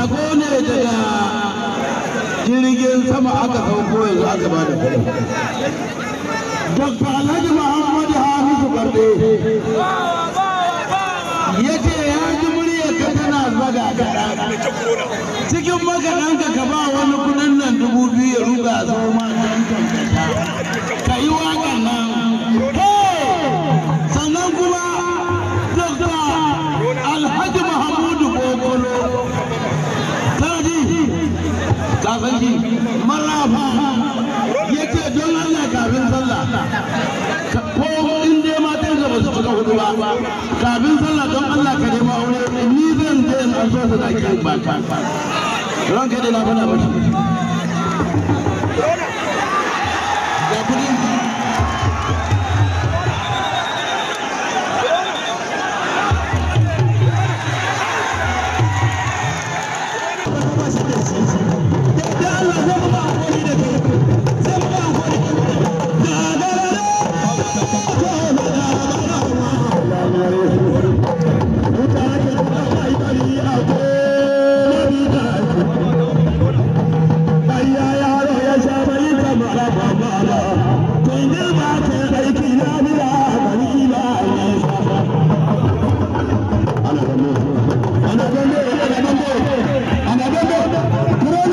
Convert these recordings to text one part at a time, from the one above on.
rago ne daga jirgin sama aka sauko yanzu aka ba da kuɗi dr alhaji muhammadu hafizu barde ya ce ya ji muryarka tana zaga gara. cikin makaɗanka ka ba wani kuɗin nan dubu biyu ya ruga a tsohon makarantar kafin sallah don Allah ka nemo aure ni zan je in an so su da ka ba ranka dai na faɗa miki புரோகித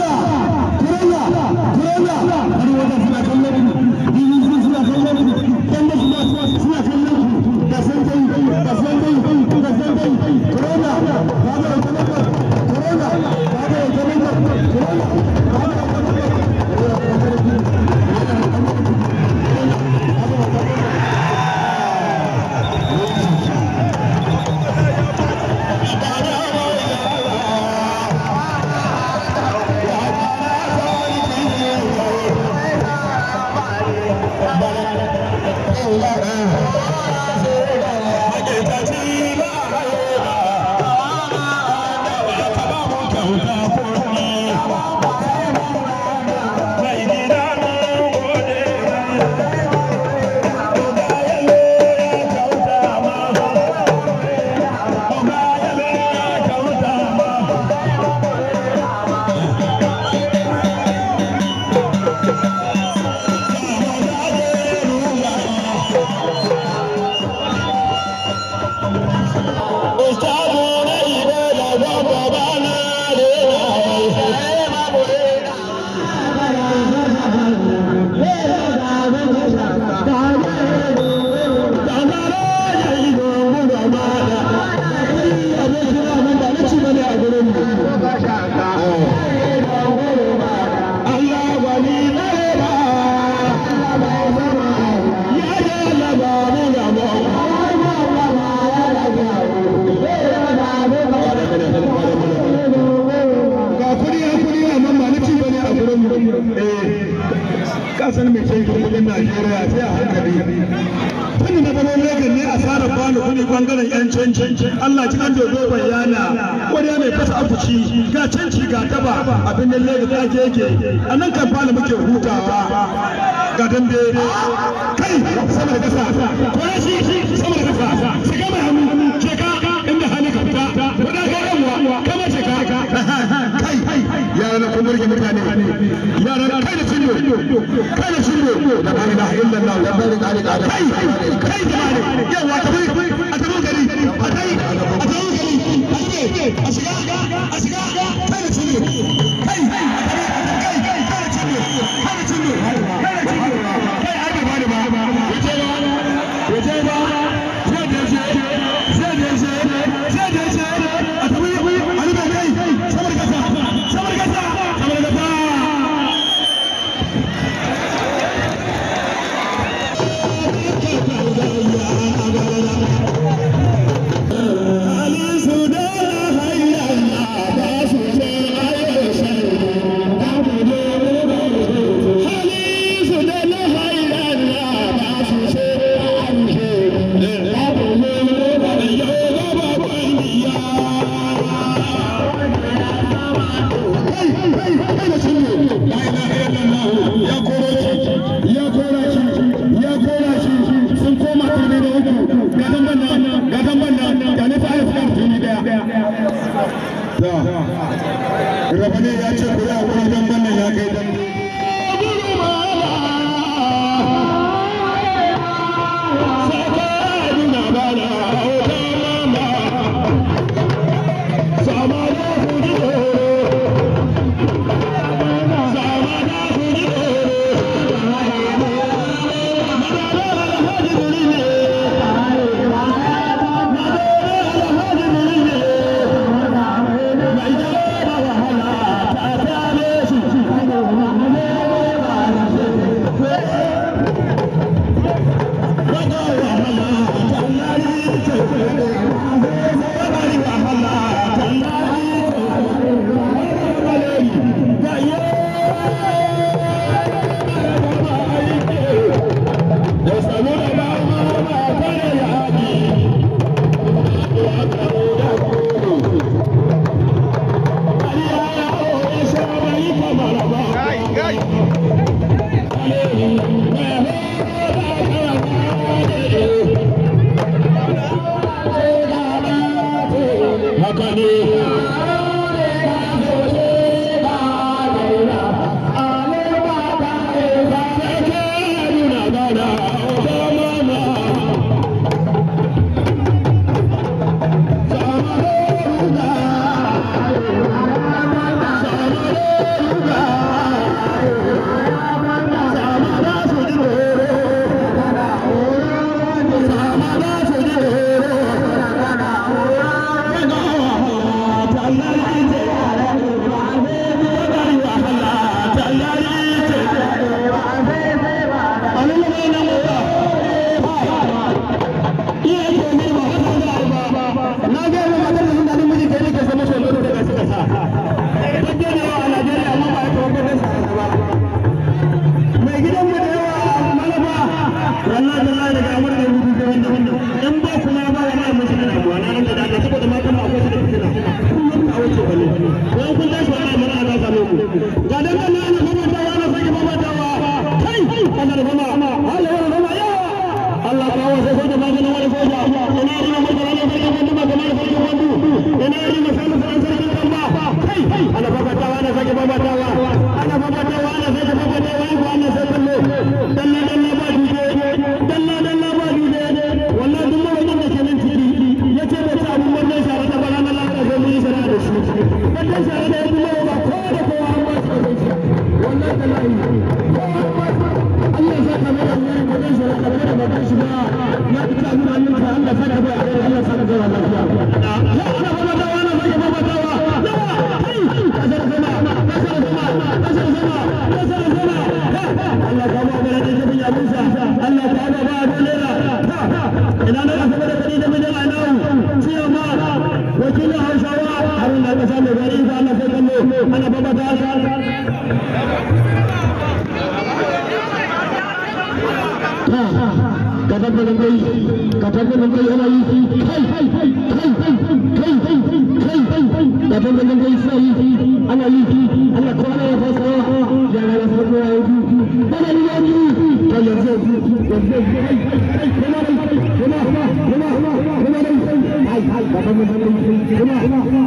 bangaren yan canci Allah ji an dodo bayyana kwariya mai fasa afuci ga canci ga taba abin da lagos ake yake a nan kan fara muke hutawa ga dambe kai sama da kasa shi sama da kasa shiga mai hannu sheka inda hannu ka fita wadda ka yanwa kama ka kai yaran kun burge mutane yaran kai da cindo kai da cindo da ilaha illallah da ba ilaha kai kai jama'a yawa tafi da rabani ya ce ku yi hakuri na nan da Allah saboda matan ba akwai da fitina kun yi ta wuce bane wai kun tashi wala mun ana same mu ga dan Allah ana fama ta ana sake fama ta wa kai kana da fama Allah wala fama ya Allah ka wasa ko da maganin wani soja ina rima mun da ne farkin wanda ba kamar farkin wanda ina rima sai mun san sarkin kan ba kai ana fama ta ana sake fama ta wa Ana baba ta da kai ka tabbata da kai yana yi shi kai kai kai kai kai kai kai kai kai ka tabbata da kai sai yi shi ana yi shi ana kwana ya fasa ya ga wasu ko ya yi bana ni ya yi to ya zo ya zo kai kai kai kai kai kai kai kai kai kai kai kai kai kai kai kai kai kai kai